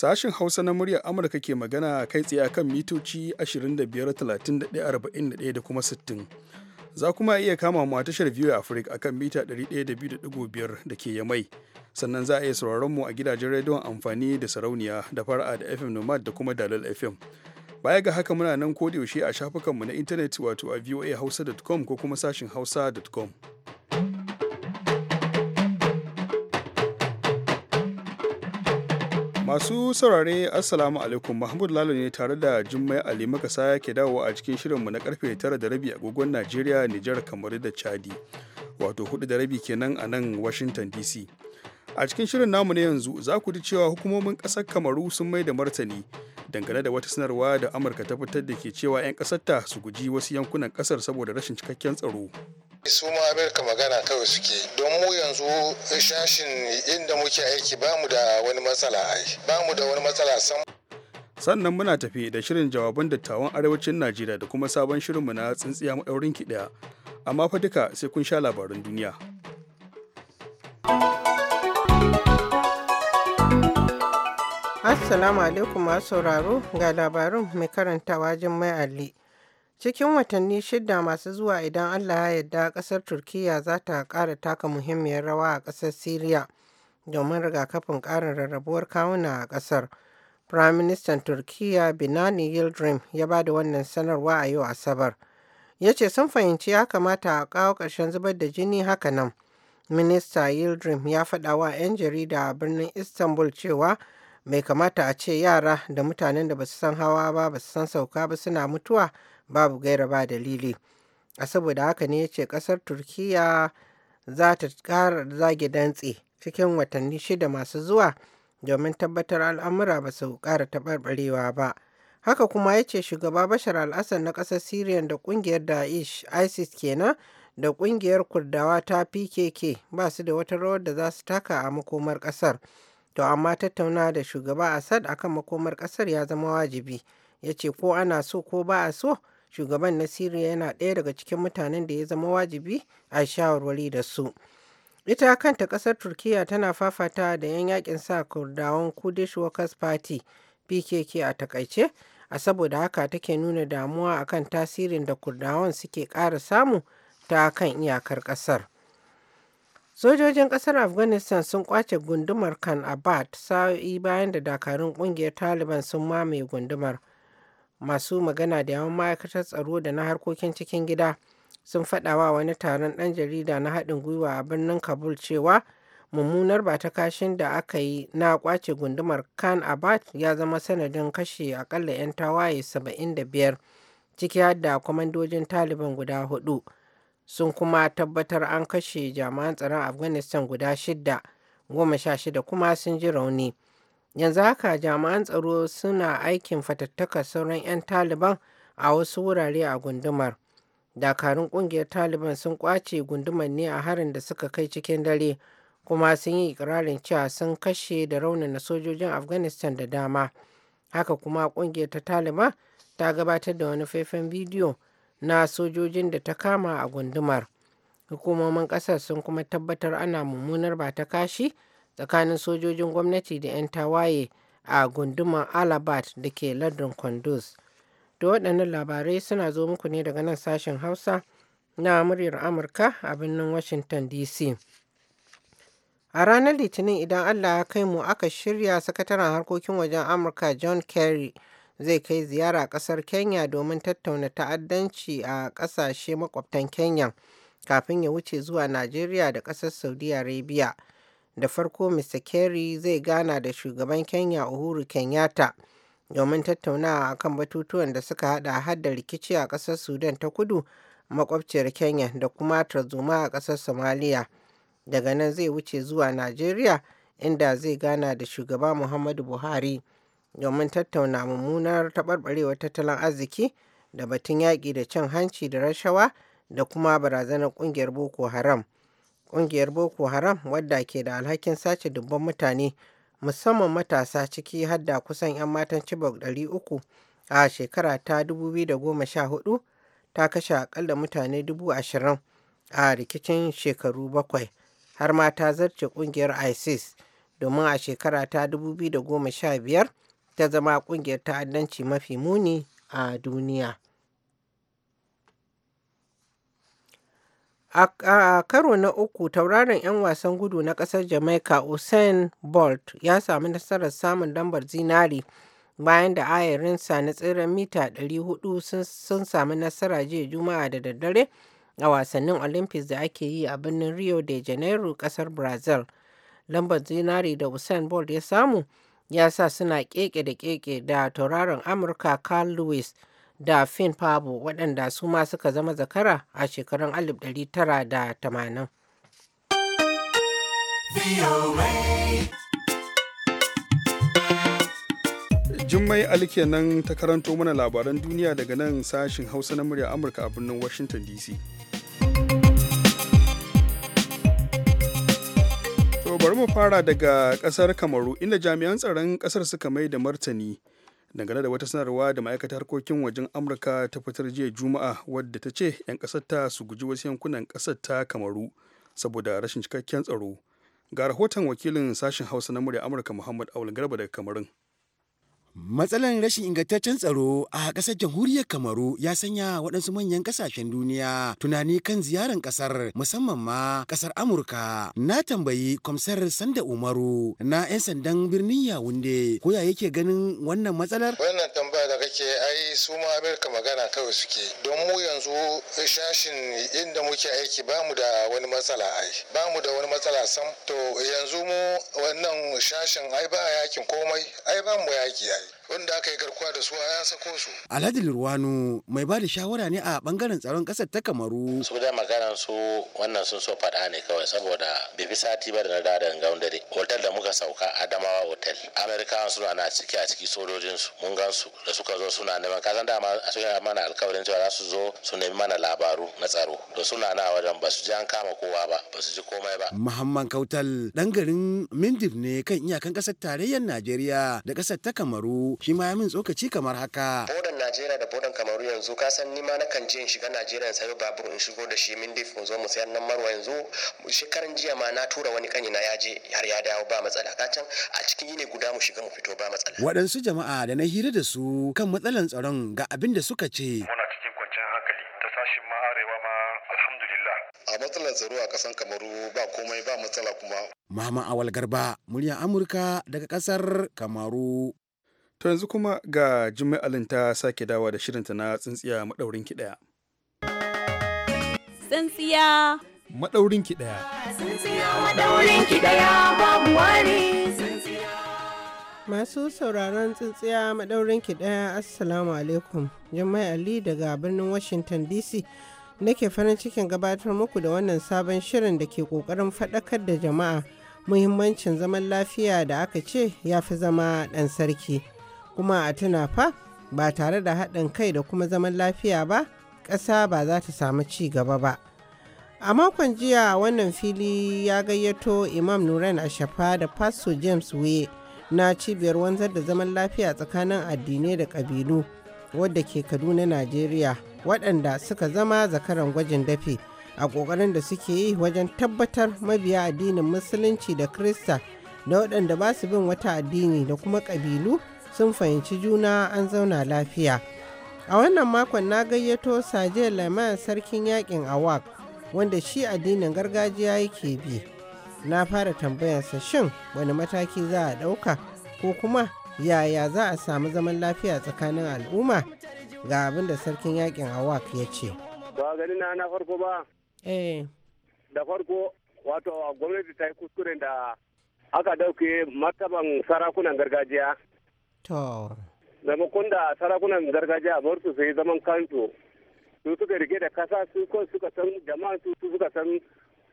Sashen Hausa na muryar Amurka ke magana kai tsaye akan mitoci 25, 31, da kuma 60. Za kuma iya kama mu a tashar Viewer Africa akan mita 102.5 da ke Yamai. Sannan za a iya sauraron mu a gidajen rediyon amfani da sarauniya da fara'a da FM Nomad da kuma Dalal FM. Baya ga haka muna nan kodiyaushe a shafukanmu na intanet wato a voahausa.com ko kuma sashin hausa.com. Masu saurare Assalamu alaikum Mahmud Lalo ne tare da Jummai Ali Makasa ke dawo a cikin shirinmu na karfe 9 da rabi agogon Najeriya, Nijar, kamar da Chadi. Wato 4 da rabi kenan a nan Washington DC. A cikin shirin namu na yanzu za ku ji cewa hukumomin ƙasar Kamaru sun mai da martani dangane da wata sanarwa da Amurka ta fitar da ke cewa 'yan ƙasarta su guji wasu yankunan ƙasar saboda rashin cikakken tsaro. su ma amurka magana kawai suke don mu yanzu shashin inda muke aiki ba mu da wani matsala ai ba mu da wani matsala sam sannan muna tafi da shirin jawaban dattawan arewacin najeriya da kuma sabon shirinmu na tsintsiya maɗaurin ki daya amma fa duka sai kun sha labaran duniya assalamu alaikum masu sauraro ga labarin mai karantawa jin mai alli Cikin watanni shida masu zuwa idan Allah ya yarda ƙasar Turkiyya za ta ƙara taka muhimmiyar rawa a ƙasar Syria, domin rigakafin ƙarin rarrabuwar kawuna a ƙasar. Firaministan Turkiyya Binani Yildirim ya ba da wannan sanarwa a yau Asabar. Ya ce sun fahimci ya kamata a kawo ƙarshen zubar da jini haka nan. Minista Yildirim ya faɗa wa 'yan jarida a birnin Istanbul cewa bai kamata a ce yara da mutanen da ba su san hawa ba ba su san sauka ba suna mutuwa babu gaira ba dalili a saboda haka ne ya ce ƙasar turkiya za ta ƙara zage dantse cikin watanni shida masu zuwa domin tabbatar al'amura ba su kara taɓarɓarewa ba haka kuma ya ce shugaba bashar al'asar na ƙasar syria da ƙungiyar daesh isis kenan da ƙungiyar kurdawa ta pkk ba su da wata rawar da za su taka a makomar ƙasar to amma tattauna da shugaba assad akan makomar ƙasar ya zama wajibi ya ce ko ana so ko ba a so shugaban na Siriya yana ɗaya daga cikin mutanen da ya zama wajibi a shawarwari da su. Ita kanta ƙasar Turkiyya tana fafata da 'yan yakin sa Kurdawan kudish Workers Party PKK a takaice, a saboda haka take nuna damuwa akan tasirin da Kurdawan suke ƙara samu ta kan iyakar ƙasar. Sojojin ƙasar Afghanistan sun kwace gundumar Kan Abad sa'o'i bayan da dakarun ƙungiyar Taliban sun mamaye gundumar. masu magana da yawan ma'aikatar tsaro da na harkokin cikin gida sun faɗawa wani taron ɗan jarida na haɗin gwiwa a birnin kabul cewa mummunar ba ta kashin da aka yi na kwace gundumar khan abad ya zama sanadin kashe akalla 'yan tawaye 75 ciki har da kwamandojin taliban guda hudu sun kuma tabbatar an kashe jami'an tsaron afghanistan guda shida goma sha shida kuma sun ji rauni yanzu haka jami'an tsaro suna aikin fatattakar sauran 'yan taliban a wasu wurare a gundumar dakarun kungiyar taliban sun kwace gundumar ne a harin da suka kai cikin dare kuma sun yi ikirarin cewa sun kashe da raunana sojojin afghanistan da dama haka kuma kungiyar ta taliban ta gabatar da wani faifan bidiyo na sojojin da ta kama a gundumar hukumomin kasar sun kuma tabbatar ana mummunar ba ta kashi tsakanin sojojin gwamnati da 'yan tawaye a gunduman alabat da ke lardin kwanduz da waɗannan labarai suna zo muku ne daga nan sashen hausa na muryar amurka a birnin washington dc a ranar litinin idan allah ya kai mu aka shirya sakataren harkokin wajen amurka john kerry zai kai ziyara ƙasar kenya domin tattauna ta'addanci a ƙasashe makwabtan kenya kafin ya wuce zuwa najeriya da ƙasar saudi arabia da farko mr kerry zai gana da shugaban kenya uhuru kenyatta domin tattaunawa akan batutuwan da suka hada hada rikici a kasar sudan ta kudu makwabciyar kenya da kuma tarzoma a kasar somalia daga nan zai wuce zuwa najeriya inda zai gana da shugaba muhammadu buhari domin tattauna mummunar taɓarɓarewar tattalin arziki da batun yaƙi da cin hanci da rashawa da kuma barazanar ƙungiyar boko haram Ƙungiyar Boko Haram wadda ke da alhakin sace dubban mutane musamman matasa ciki har da kusan 'yan matan Chibok 300 a shekara ta 2014 ta kashe akalla mutane 20,000 a rikicin shekaru bakwai har ma ta zarce ƙungiyar ISIS domin a shekara ta 2015 ta zama ƙungiyar ta'addanci mafi muni a duniya. A karo na uku, tauraron 'yan wasan gudu na ƙasar Jamaica Usain Bolt ya sami nasarar samun lambar zinari, bayan da ayarinsa na tseren mita 400 sun sami nasara jiya Juma'a da daddare a wasannin Olympics da ake yi a birnin Rio de Janeiro ƙasar Brazil. Lambar zinari da Usain Bolt ya samu ya sa suna keke da keke da tauraron Amurka Carl Lewis da Finn Pabo waɗanda su ma suka zama zakara a shekarun 1980. Jummai Ali ta karanto mana labaran duniya daga nan sashin Hausa na murya Amurka a birnin Washington DC. To bari mu fara daga kasar Kamaru inda jami'an tsaron kasar suka mai da martani dangane da wata sanarwa da ma'aikatar harkokin wajen amurka ta fitar jiya juma'a wadda ta ce 'yan kasar ta su guji wasu yankunan kasar ta kamaru saboda rashin cikakken tsaro ga rahoton wakilin sashen hausa na murya amurka muhammad awul garba daga kamarun Matsalar rashin ingantaccen tsaro a ƙasar jamhuriyar Kamaru ya sanya waɗansu manyan ƙasashen duniya tunani kan ziyarar ƙasar musamman ma ƙasar Amurka. Na tambayi kwamsar Sanda Umaru na 'yan sandan birnin Yawunde ko ya yake ganin wannan matsalar? Wannan tambaya da ake ai su ma amerika magana kawai suke don mu yanzu shashin inda muke aiki ba mu da wani matsala ai ba mu da wani matsala sam to yanzu mu wannan shashin ai ba yakin komai ai ba mu yaki ai wanda aka yi garkuwa da su a ya sako su. Alhaji Lurwanu mai ba da shawara ne a bangaren tsaron ƙasar ta Kamaru. Su da maganar su wannan sun so faɗa ne kawai saboda bai sati ba da na dada wanda dare. Hotel da muka sauka Adamawa Hotel. Amerikawan suna na ciki a ciki sojojin su mun gan su da suka zo suna neman kasanta da a cikin mana alkawarin cewa za su zo su nemi mana labaru na tsaro. Da suna na wajen ba su ji an kama kowa ba ba su ji komai ba. Muhammad Kautal ɗan garin Mindif ne kan iyakan ƙasar tarayyar Najeriya da ƙasar ta Kamaru shi ma ya min tsokaci kamar haka. Bodan Najeriya da bodan Kamaru yanzu ka san ni ma na kan je in shiga Najeriya in sayo babur in shigo da shi min dif mu zo mu sayar nan marwa yanzu shekaran jiya ma na tura wani kani na yaje har ya dawo ba matsala ka can a cikin yini guda mu shiga mu fito ba matsala. Waɗansu jama'a da na hira da su kan matsalan tsaron ga abin da suka ce. Muna cikin kwanciyar hankali ta sashin ma arewa ma alhamdulillah. A matsalar tsaro a kasan Kamaru ba komai ba matsala kuma. Mama Awal Garba, murya Amurka daga kasar Kamaru. To yanzu kuma ga Jummai Alin ta sake dawa da shirinta na tsintsiya maɗaurin ki ɗaya. Tsintsiya maɗaurin ki ɗaya. Tsintsiya ɗaya Masu sauraron tsintsiya maɗaurin ki ɗaya Assalamu alaikum. Jummai Ali daga birnin Washington DC. Nake farin cikin gabatar muku da wannan sabon shirin da ke ƙoƙarin faɗakar da jama'a muhimmancin zaman lafiya da aka ce ya fi zama ɗan sarki. kuma a tuna fa ba tare da haɗin kai da kuma zaman lafiya ba ƙasa ba za ta samu ci gaba ba a makon jiya wannan fili ya gayyato imam nuran ashafa da pastor james weye na cibiyar wanzar da zaman lafiya tsakanin addinai da ƙabilu wadda ke kaduna najeriya waɗanda suka zama zakaran gwajin dafe a ƙoƙarin da suke yi wajen tabbatar mabiya addinin musulunci da krista da waɗanda ba su bin wata addini da kuma ƙabilu sun fahimci juna an zauna lafiya a wannan makon na gayyato saje laman sarkin yakin awak wanda shi addinin gargajiya yake bi na fara tambayarsa shin wani mataki za a ɗauka ko kuma yaya za a samu zaman lafiya tsakanin al'umma ga abin da sarkin yakin awak ya ce eh. wato gwamnati ta yi kuskuren da aka dauke martaban sarakunan gargajiya To. da sarakunan gargajiya a bar sai zaman kanto. Su suka rike da kasa su ko suka san jama'a su suka san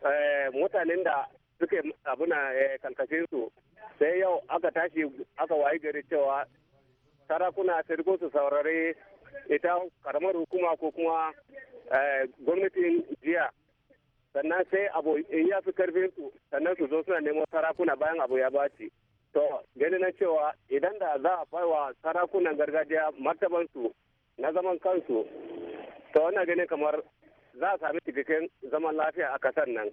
eh, mutanen da suke abuna eh, kalkashin su. Sai yau aka tashi aka wayi gari cewa sarakuna sai su saurare ita karamar hukuma ko kuma eh, gwamnatin jiya sannan sai abu ya fi karfin su sannan su zo suna neman sarakuna bayan abu ya baci To, gani na cewa idan da za a baiwa sarakunan gargajiya martabansu na zaman kansu, to wannan gani kamar za a sami cikakken zaman lafiya a kasar nan.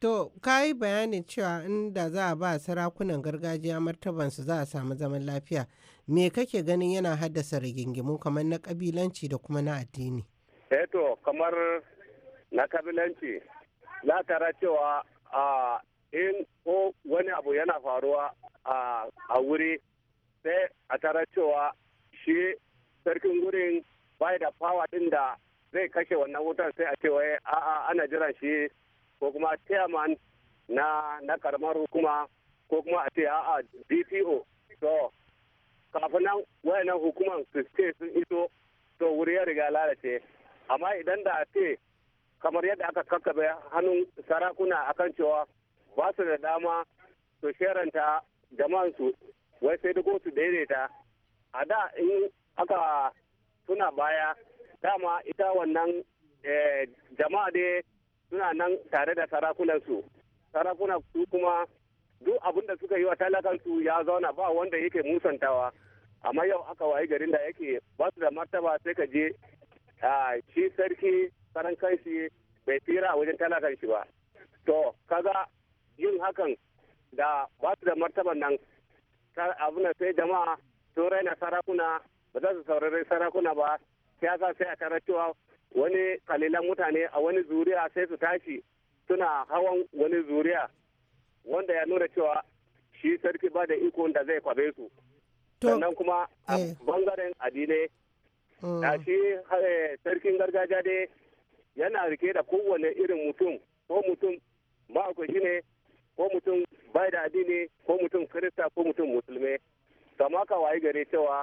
To, ka yi bayanin cewa inda za a ba sarakunan gargajiya martabansu za a samu zaman lafiya. Me kake ganin yana haddasa rigingimu kamar na kabilanci da kuma na addini? Eh to, kamar na kabilanci, za tara cewa a ah, in ko wani abu yana faruwa a wuri sai a tara cewa shi sarkin gurin bai da fawa din da zai kashe wannan wutan sai a ce wai a'a ana jiran shi ko kuma chairman na na karamar hukuma ko kuma a ce a'a DPO to kafin nan wayannan hukuman su ce sun iso to wuri ya riga lalace amma idan da a ce kamar yadda aka kakkabe hannun sarakuna akan cewa ba su da dama su sheranta jama'ansu wai sai da su daidaita a da in aka suna baya dama ita wannan eh, jama'a dai suna nan tare da sarakunansu sarakuna su kuma duk abin da suka yi wa talakansu ya zauna ba wanda yake musantawa amma yau aka wayi garin da yake ba su da martaba sai ka je shi sarki saran kanshi bai tsira a wajen talakan ba to kaga yin hakan da ba su da martaban nan abin sai jama'a turai raina sarakuna ba za su saurari sarakuna ba siyasa sai a tarar cewa wani kalilan mutane a wani zuriya sai su tashi suna hawan wani zuriya wanda ya nuna cewa shi sarki ba da iko da zai kwabe su sannan kuma a eh. bangaren adine da mm. shi eh, sarkin gargajiya dai yana rike da kowane irin mutum ko mutum ba shi ne ko mutum bai da addini ko mutum kirista ko mutum musulmi kama ka wayi gare cewa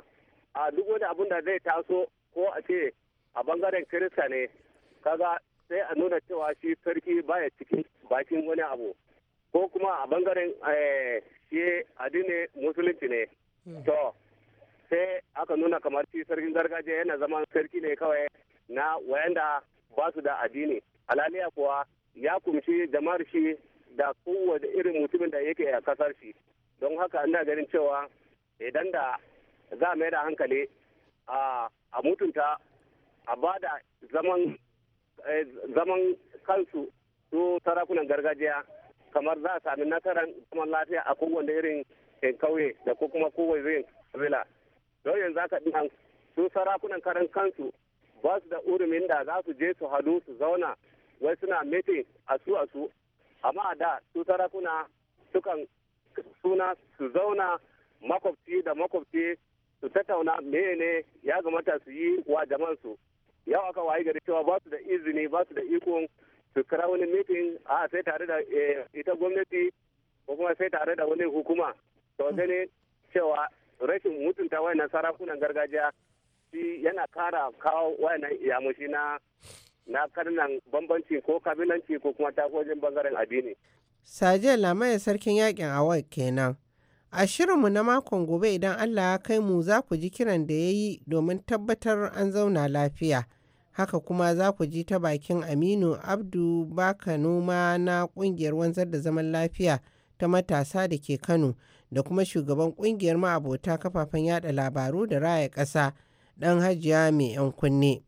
a duk wani abun da zai taso ko a ce a bangaren kirista ne kaga sai a nuna cewa shi sarki baya cikin bakin wani abu ko kuma a bangaren eh, shi addini musulunci ne hmm. to sai aka nuna kamar shi sarkin gargajiya yana zama sarki ne kawai na wayanda ba su da addini alaliya kuwa ya kumshi jama'ar shi da kowane irin mutumin da yake a kasar shi don haka ina ganin cewa idan da za mai da hankali a mutunta a ba da eh, zaman kansu su sarakunan gargajiya kamar za a sami nasarar zaman lafiya a kowane irin eh, kauye da ko kuma kowane irin kabila don yanzu haka ɗin su sarakunan karan kansu ba su da urumin da za su je su hadu su zauna wai suna meeting a su a su amma a da su sarakuna sukan suna su zauna makwabci da makwabci su tattauna mene ya gamata su yi wa jamansu yau aka wayi gari cewa ba su da izini ba su da ikon su kira wani mitin a sai tare da eh, ita gwamnati ko kuma sai tare da wani hukuma to hmm. ne cewa rashin mutunta wayannan sarakunan gargajiya shi yana kara kawo wayannan iyamushi na na karnan bambanci ko kabilanci ko kuma takojin bangaren addini. Saje Lamaya sarkin yakin awai kenan. A shirinmu na makon gobe idan Allah ya kai mu za ku ji kiran da ya yi domin tabbatar an zauna lafiya. Haka kuma za ku ji ta bakin Aminu Abdu Baka Noma na kungiyar wanzar da zaman lafiya ta matasa da ke Kano da kuma shugaban kungiyar ma'abota kafafen yada labaru da raya ƙasa ɗan hajiya mai 'yan kunne.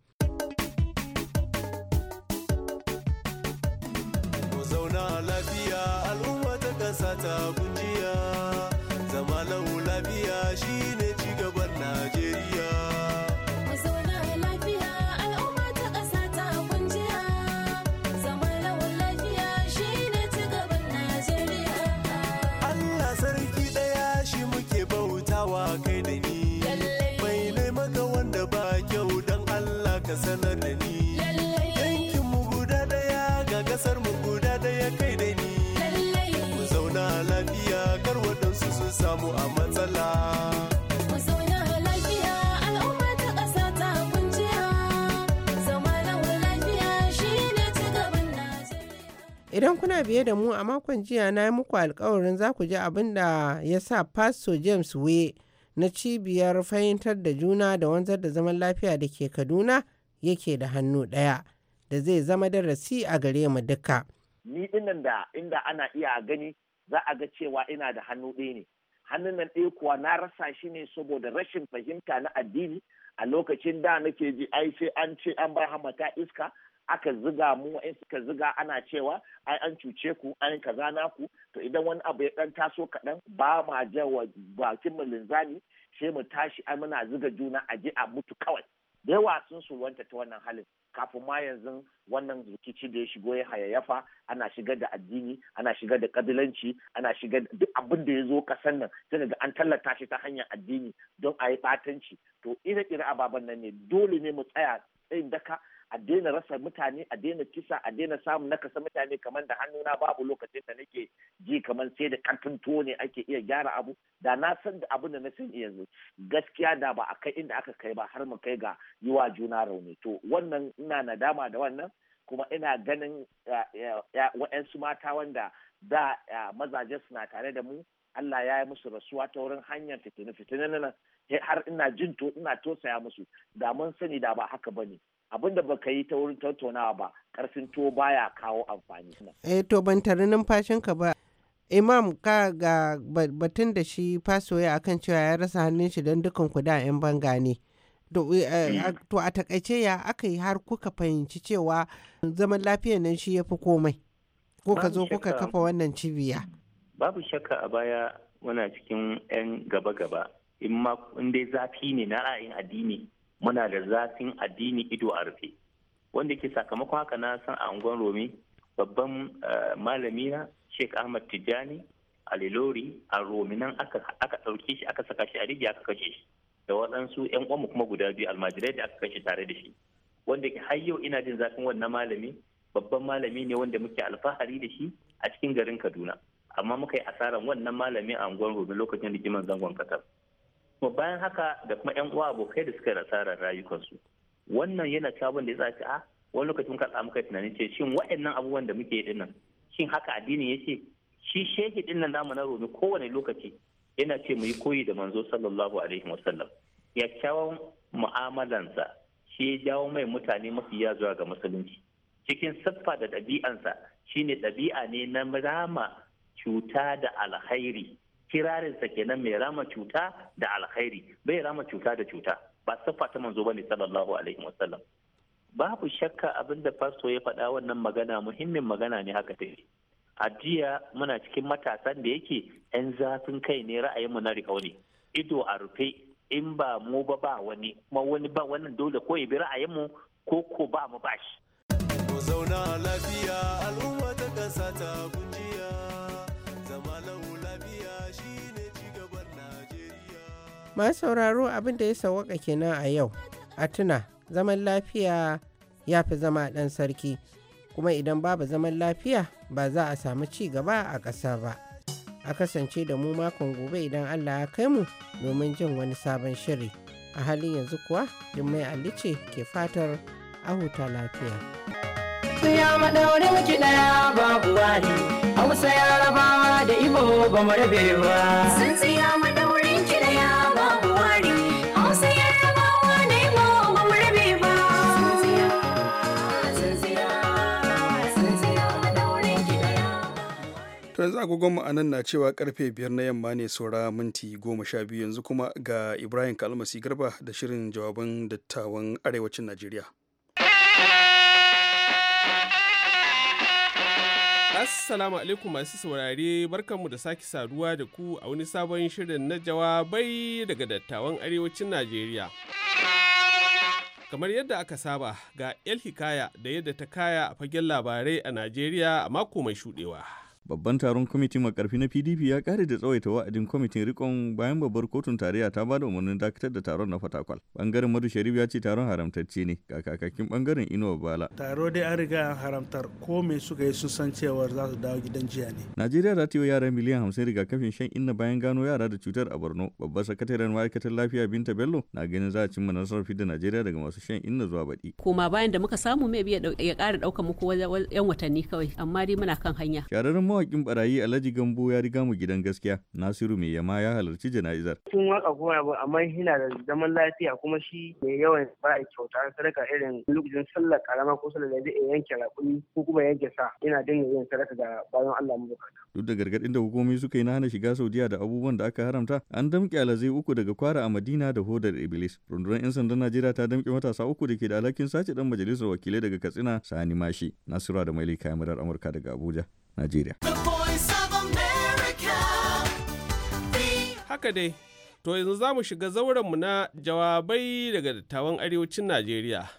Idan kuna biye da mu a makon jiya na yi muku alkawarin za ku ji abin da ya sa Pastor James Way na cibiyar fahimtar da juna da wanzar da zaman lafiya da ke Kaduna yake da hannu ɗaya da zai zama darasi a gare mu duka. Ni dinnan da inda ana iya gani za a ga cewa ina da hannu ɗaya ne. Hannun nan ɗaya kuwa na rasa shi ne saboda rashin fahimta na addini a lokacin da nake ji ai sai an ce an bar hamata iska aka ziga mu in suka ziga ana cewa ai an cuce ku an kaza ku to idan wani abu ya dan taso kaɗan ba ma jawa bakin mu linzami sai mu tashi ai muna ziga juna a ji a mutu kawai da yawa sun surwanta ta wannan halin kafin ma yanzu wannan rikici da ya shigo ya hayayyafa ana shigar da addini ana shigar da kabilanci ana shigar da duk abin da ya zo kasan nan sai ga an tallata shi ta hanyar addini don a yi batanci to ire-ire ababen nan ne dole ne mu tsaya tsayin daka a daina rasa mutane a daina kisa a daina samun nakasa mutane kamar da hannuna babu lokacin da nake ji kamar sai da karfin tuwo ne ake iya gyara abu da na san da abin da na san iya yanzu gaskiya da ba a kai inda aka kai ba har mu kai ga yiwa juna rauni to wannan ina nadama da wannan kuma ina ganin wa'yansu mata wanda da mazaje suna tare da mu Allah ya yi musu rasuwa ta wurin hanyar fitini fitini nan har ina jin to ina tosaya musu da mun sani da ba haka bane abin da baka yi ta wurin tattaunawa ba karfin to baya kawo amfani eh to ban tare numfashinka ba imam ka ga batun da shi fasoya akan cewa ya rasa hannun shi don dukan ku da 'yan banga ne eh, eh, eh. to a takaice ya aka yi har kuka fahimci cewa zaman lafiya nan shi ya fi komai ko ka zo kuka kafa wannan cibiya babu shakka a baya muna cikin 'yan gaba-gaba in ma in dai zafi ne na ra'ayin addini muna da zafin addini ido a rufe wanda ke sakamakon haka na san a unguwar romi babban eh, malami na sheik ahmad tijjani a lelori a romi nan aka ɗauke shi aka saka shi a rijiya aka kashe shi da waɗansu 'yan uwanmu kuma guda biyu almajirai da aka kashe tare da shi wanda har yau ina jin zafin wannan malami babban malami ne wanda muke alfahari da shi a cikin garin kaduna amma muka yi asarar wannan malami a unguwar romi lokacin rigiman zangon ƙasar. kuma bayan haka da kuma yan uwa abokai da suka nasarar rayukansu wannan yana cabon da ya tsaci a ah, wani lokacin ka tsamu kai tunanin ce shin waɗannan abubuwan da muke yi nan shin haka addini ce? shi shehi din nan namu na romi kowane lokaci yana ce mu yi koyi da manzo sallallahu alaihi wasallam kyakkyawan mu'amalansa shi ya jawo mai mutane mafiya zuwa ga musulunci cikin siffa da ɗabi'ansa shine ɗabi'a ne na rama cuta da alhairi Kirarin kirarinsa kenan mai rama cuta da alkhairi bai rama cuta da cuta ba siffa ta manzo bane sallallahu alaihi wasallam babu shakka abin da fasto ya faɗa wannan magana muhimmin magana ne haka ta a jiya muna cikin matasan da yake 'yan zafin kai ne ra'ayinmu na rikau ne ido a rufe in ba mu ba ba wani kuma wani ba wannan dole ko ya bi ra'ayinmu ko ko ba mu ba shi. zauna lafiya al'umma ta kasa ta masu sauraro abin da ya sauwaka kenan a yau a tuna zaman lafiya ya fi zama ɗan sarki kuma idan babu zaman lafiya ba za a samu ci gaba a ƙasa ba a kasance da mu makon gobe idan allah ya kai mu domin jin wani sabon shiri a halin yanzu kuwa jummai alice ke fatar a huta lafiya ya maɗaurin ɗaya babu wani hausa yarabawa da ibo ba mu rabewa To yanzu agogonmu a nan na cewa karfe biyar na yamma ne saura minti goma sha biyu yanzu kuma ga Ibrahim Kalmasi Garba da shirin jawaban dattawan arewacin Najeriya. Assalamu alaikum masu saurare barkanmu da sake saduwa da ku a wani sabon shirin na jawabai daga dattawan arewacin Najeriya. Kamar yadda aka saba ga El Hikaya da yadda ta kaya a fagen labarai a Najeriya a mako mai shudewa. babban taron kwamitin makarfi na pdp ya kare da tsawaita wa'adin kwamitin rikon bayan babbar kotun tarayya ta bada umarnin dakatar da taron na fatakwal bangaren madu sharif ya ce taron haramtacce ne ga kakakin bangaren inuwa bala taro dai an riga an haramtar ko me suka yi sun san cewar za su dawo gidan jiya ne najeriya za ta yi yara miliyan hamsin rigakafin shan inna bayan gano yara da cutar a borno babbar sakataren ma'aikatar lafiya binta bello na ganin za a cimma nasarar fidda najeriya daga masu shan inna zuwa baɗi koma bayan da muka samu mai ya ƙara ɗaukar muku yan watanni kawai amma dai muna kan hanya mawakin barayi Alhaji Gambo ya riga mu gidan gaskiya Nasiru mai yama ya halarci jana'izar. Sun waka kuma ba amma yana da zaman lafiya kuma shi mai yawan ba a kyauta sadaka irin lokacin sallar karama ko sallar da zai yanke raƙumi ko kuma yanke sa yana dinga yin sadaka ga bayan Allah mu bukata. Duk da gargaɗin da hukumomi suka yi na hana shiga Saudiya da abubuwan da aka haramta an damƙe alazai uku daga kwara a Madina da hodar Iblis. Rundunar 'yan sandan Najeriya ta damƙe matasa uku da ke da alhakin sace dan majalisar wakilai daga Katsina Sani Mashi. nasiru da Maili kamarar Amurka daga Abuja. Najeriya. Haka dai, to yanzu za mu shiga zaurenmu na jawabai daga dattawan arewacin Najeriya.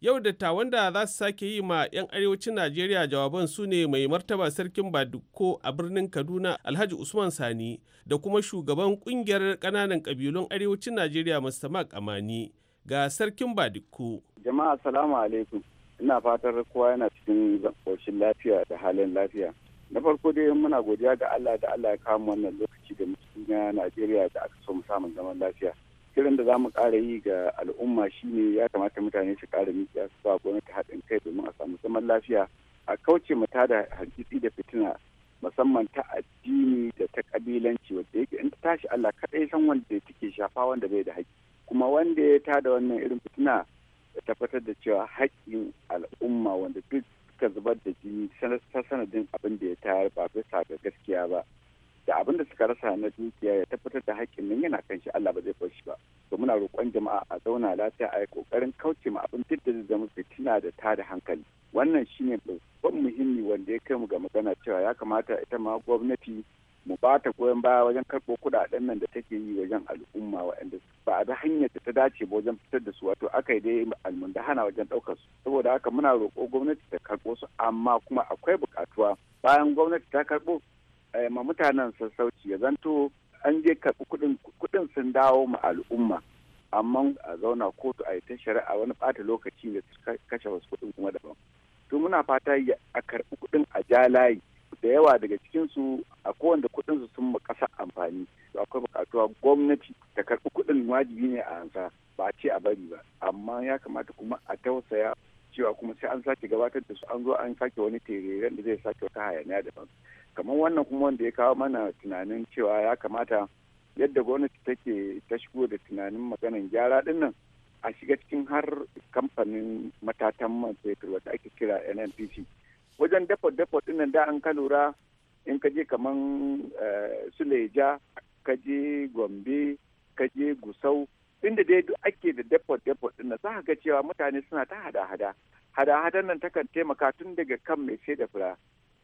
Yau dattawan da za su sake yi ma 'yan arewacin Najeriya jawaban su ne mai martaba sarkin Baduko a birnin Kaduna Alhaji Usman Sani da kuma shugaban kungiyar ƙananan ƙabilun arewacin Najeriya Mr. Mark Amani ga sarkin Baduko. Jama'a salamu alaikum. ina fatar kowa yana cikin ƙoshin lafiya da halin lafiya na farko dai muna godiya ga Allah da Allah ya kama wannan lokaci da mutum na Najeriya da aka so mu samun zaman lafiya kiran da zamu kara yi ga al'umma shine ya kamata mutane su ƙara miƙiya su ba gwamnati haɗin kai domin a samu zaman lafiya a kauce mu tada hargitsi da fitina musamman ta addini da ta kabilanci wadda yake in ta tashi Allah kaɗai san wanda take shafa wanda bai da haƙƙi kuma wanda ya tada wannan irin fitina da tabbatar da cewa haƙƙin al'umma wanda duk suka zubar da jini ta sanadin abin da ya tayar ba bisa ga gaskiya ba da abin da suka rasa na dukiya ya tabbatar da haƙƙin nan yana kan shi Allah ba zai bar shi ba to muna roƙon jama'a a zauna lafiya a yi ƙoƙarin kauce ma abin duk da zai zama fitina da ta da hankali wannan shine babban muhimmi wanda ya kai mu ga magana cewa ya kamata ita ma gwamnati mu ba ta goyon baya wajen karɓo kuɗaɗen nan da take yi wajen al'umma waɗanda ba a da hanyar da ta dace ba wajen fitar da su wato aka yi dai da hana wajen ɗaukar su saboda haka muna roƙo gwamnati ta karɓo su amma kuma akwai buƙatuwa bayan gwamnati ta karɓo eh, ma mutanen sassauci ya zanto an je karɓi kuɗin kuɗin sun dawo ma al'umma amma a zauna kotu a yi ta shari'a wani ɓata lokaci da kashe wasu kuɗin kuma daban to muna fata a karɓi kuɗin a ja layi da yawa daga su a kowanne kuɗinsu sun ma ƙasa amfani akwai buƙatuwa gwamnati ta karɓi kuɗin wajibi ne a ansa ba a ce a bari ba amma ya kamata kuma a tausaya cewa kuma sai an sake gabatar da su an zo an sake wani tereren da zai sake wata hayaniya daban kamar wannan kuma wanda ya kawo mana tunanin cewa ya kamata yadda gwamnati take ta shigo da tunanin maganan gyara dinnan a shiga cikin har kamfanin matatan man fetur wata ake kira nnpc wajen dafa depot ɗin da an ka lura in ka je kaman eh, suleja ka je gombe ka je gusau inda dai duk ake da depot depot ɗin za ga cewa mutane suna ta hada-hada hada-hadan nan takan taimaka tun daga kan mai sai da fura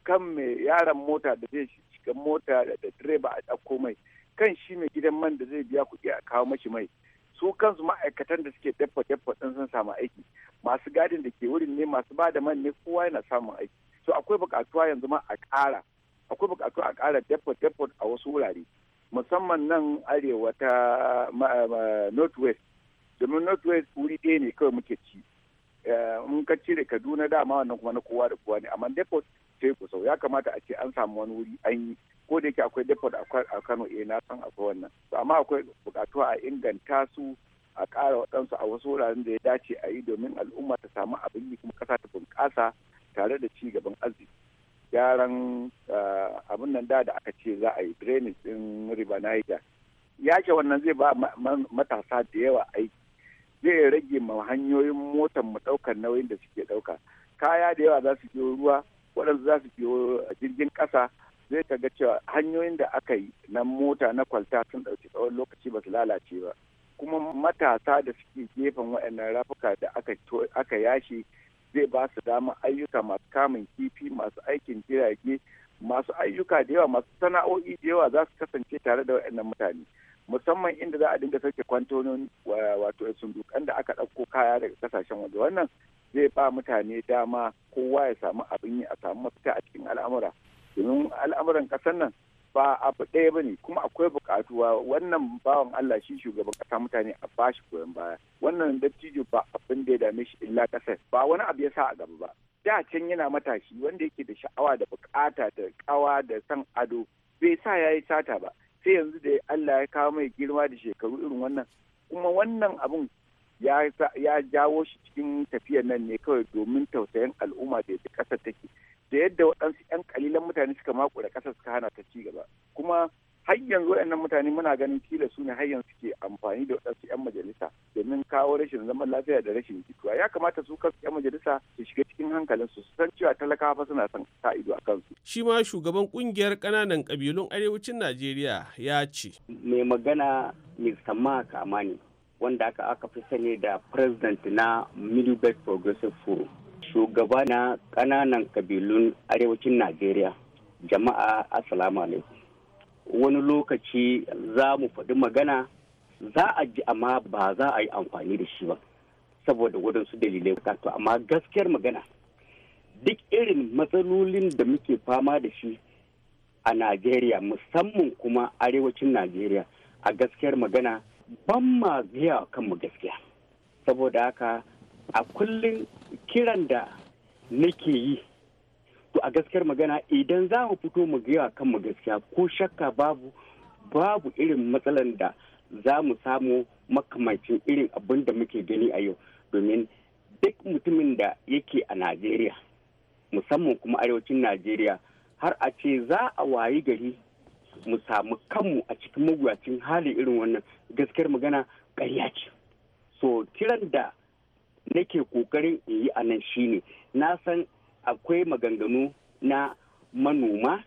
kan mai yaron mota da zai shiga mota da direba a ɗauko mai kan shi mai gidan man da zai biya kuɗi a kawo mashi mai su kansu ma'aikatan da suke dafa dafa din sun samu aiki masu gadin da ke wurin ne masu bada da man ne kowa yana samun aiki so akwai bukatuwa yanzu ma a ƙara akwai bukatu a kara depot depot a wasu wurare musamman nan arewa ta northwest domin northwest wuri ɗaya ne kawai muke ci eh, in ka cire kaduna dama wannan kuma na kowa da kowa ne amma depot sai kusa ya kamata a ce an samu wani wuri an yi ko da yake akwai depot a kano eh na san akwai wannan amma akwai bukatu a inganta su a ƙara waɗansu a wasu wuraren da ya dace a yi domin al'umma ta samu abin yi kuma ƙasa ta bunƙasa tare da ci gaban arziki gyaran ah, abin nan da aka ce za a yi drainage din river niger yake wannan zai ba matasa da yawa aiki zai rage ma hanyoyin motar mu daukar nauyin da suke dauka kaya da yawa za su biyo ruwa waɗansu za su biyo jirgin ƙasa zai ka ga cewa hanyoyin da aka yi na mota na kwalta sun ɗauki tsawon lokaci ba su lalace ba kuma matasa da suke gefen waɗannan rafuka da aka yashe zai ba su dama ayyuka masu kamun kifi masu aikin jirage masu ayyuka da yawa masu sana'o'i da yawa za su kasance tare da waɗannan mutane musamman inda za a dinga sauke kwantonin wato sundukan da aka ɗauko kaya daga kasashen waje wannan zai ba mutane dama kowa ya samu abin yi a samu mafita a cikin al'amura domin al'amuran ƙasar nan ba abu ɗaya ba ne kuma akwai bukatu wannan bawan Allah shi shugaban ƙasa mutane a bashi koyon baya wannan dattijo ba abin da ya dame shi illa ƙasar. ba wani abu ya sa a gaba ba da can yana matashi wanda yake da sha'awa da buƙata da ƙawa da san ado bai sa ya yi sata ba sai yanzu da Allah ya kawo mai girma da shekaru irin wannan kuma wannan abun ya jawo shi cikin tafiyar nan ne kawai domin tausayin al'umma da yadda ƙasar take da yadda waɗansu 'yan kalilan mutane suka makura ƙasa suka hana ta ci gaba kuma har yanzu waɗannan mutane muna ganin kila su ne har yanzu suke amfani da waɗansu 'yan majalisa domin kawo rashin zaman lafiya da rashin jituwa ya kamata su kansu 'yan majalisa su shiga cikin hankalin su san cewa talakawa suna son sa ido a kansu. shi ma shugaban ƙungiyar ƙananan ƙabilun arewacin najeriya ya ce. mai magana mr mark amani wanda aka aka fi sani da president na middle belt progressive forum shugaba na ƙananan kabilun arewacin najeriya jama'a assalamu alaikum wani lokaci za mu faɗi magana za a ji amma ba za a yi amfani da shi ba saboda wadansu dalilai to amma gaskiyar magana duk irin matsalolin da muke fama da shi a najeriya musamman kuma arewacin najeriya a gaskiyar magana ban ma kanmu gaskiya saboda haka a kullum kiran da nake yi to a gaskiyar magana idan za mu fito mu gaya kan mu gaskiya ko shakka babu babu irin matsalan da za mu samu makamancin irin abin da muke gani a yau domin duk mutumin da yake a najeriya musamman kuma arewacin najeriya har a ce za a wayi gari mu samu kanmu a cikin maguyacin hali irin wannan gaskiyar magana ƙarya ce so kiran da nake kokarin in yi anan nan shine na san akwai maganganu na manoma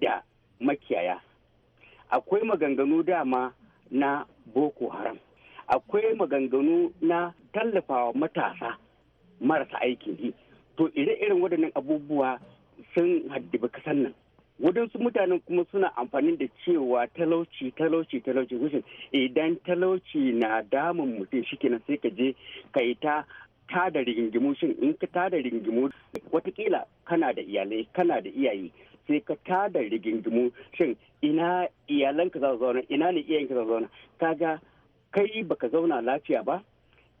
da makiyaya akwai maganganu dama na boko haram akwai maganganu na tallafawa matasa marasa aikin yi to ire-iren waɗannan abubuwa sun haddibi kasan nan wadansu mutanen kuma suna amfani da cewa talauci talauci talauci rushin idan talauci na damun mutum shi kenan sai ka je ka yi ta tada rigingimu shin in ka tada rigingimu watakila kana da iyalai kana da iyaye sai ka tada rigingimu shin ina iyalanka za su zauna ina ne iyayenka za su zauna kaga kai baka zauna lafiya ba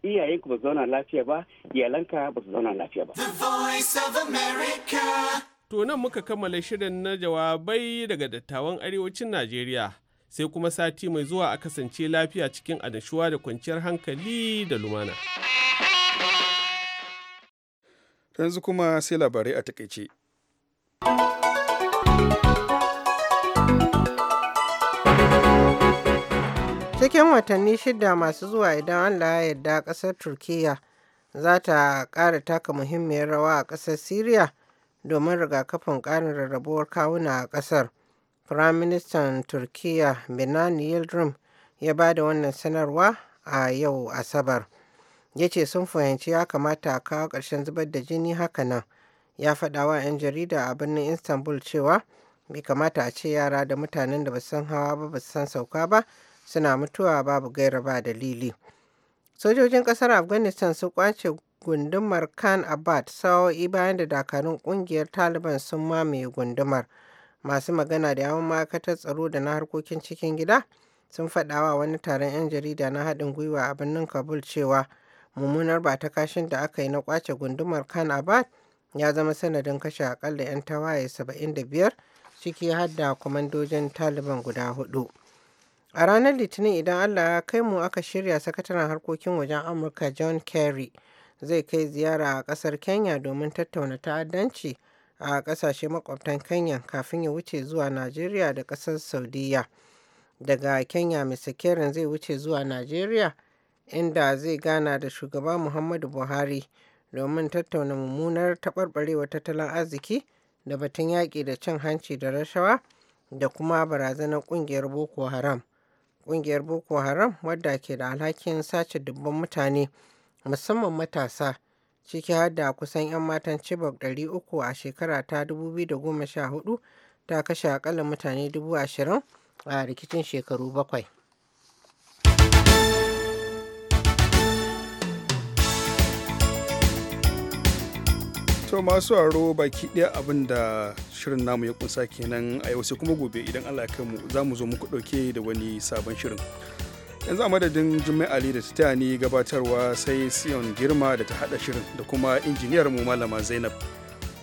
iyayenku ba zauna lafiya ba iyalanka ba su zauna lafiya ba The Voice of America To nan muka kammala shirin na jawabai daga dattawan arewacin Najeriya. Sai kuma sati mai zuwa a kasance lafiya cikin adashuwa da kwanciyar hankali da lumana. Yanzu kuma sai labarai a takaice. Cikin watanni shida masu zuwa idan Allah ya yarda ƙasar Turkiyya za ta ƙara taka muhimmiyar rawa a ƙasar Siriya. domin rigakafin ƙarin rarrabuwar kawuna a ƙasar. Firaministan Turkiyya Binani Yildirim ya ba da wannan sanarwa a yau Asabar. Ya ce sun fahimci ya kamata a kawo ƙarshen zubar da jini haka nan. Ya faɗa wa 'yan jarida a birnin Istanbul cewa bai kamata a ce yara da mutanen da ba san hawa ba ba san sauka ba suna mutuwa babu gaira ba dalili. Sojojin ƙasar Afghanistan sun kwace gundumar Khan Abad sa'o'i bayan da dakarun ƙungiyar Taliban sun mamaye gundumar. Masu magana da yawon ma'aikatar tsaro da na harkokin cikin gida sun faɗawa wani taron 'yan jarida na haɗin gwiwa a birnin Kabul cewa mummunar ba ta kashin da aka yi na kwace gundumar Khan Abad ya zama sanadin kashe akalla 'yan tawaye 75 ciki har da kwamandojin Taliban guda hudu. A ranar Litinin idan Allah ya kai mu aka shirya sakataren harkokin wajen Amurka John Kerry zai kai ziyara a kasar kenya domin tattauna ta'addanci a kasashe makwabtan kenya kafin ya wuce zuwa najeriya da kasar saudiya daga kenya mr zai wuce zuwa najeriya inda zai gana da shugaba muhammadu buhari domin tattauna mummunar taɓarɓarewa tattalin arziki da batun yaƙi da cin hanci da rashawa da kuma barazanar ƙungiyar boko haram ƙungiyar boko haram wadda ke da alhakin sace dubban mutane musamman matasa ciki har da kusan 'yan matan Chibok 300 a shekara ta 2014 ta kashe akalla mutane 20,000 a rikicin shekaru bakwai. to masu aro baki ɗaya abinda shirin namu ya kunsa kenan a yau sai kuma gobe idan allah ya kai mu za mu zo muku ɗauke da wani sabon shirin yanzu a madadin jummai ali da ta ni gabatarwa sai siyon girma da ta hada shirin da kuma injiniyar mu malama zainab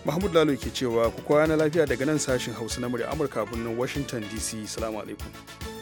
mahmud lalo ke cewa ku kwana lafiya daga nan sashen hausa na murya amurka birnin washington dc salamu alaikum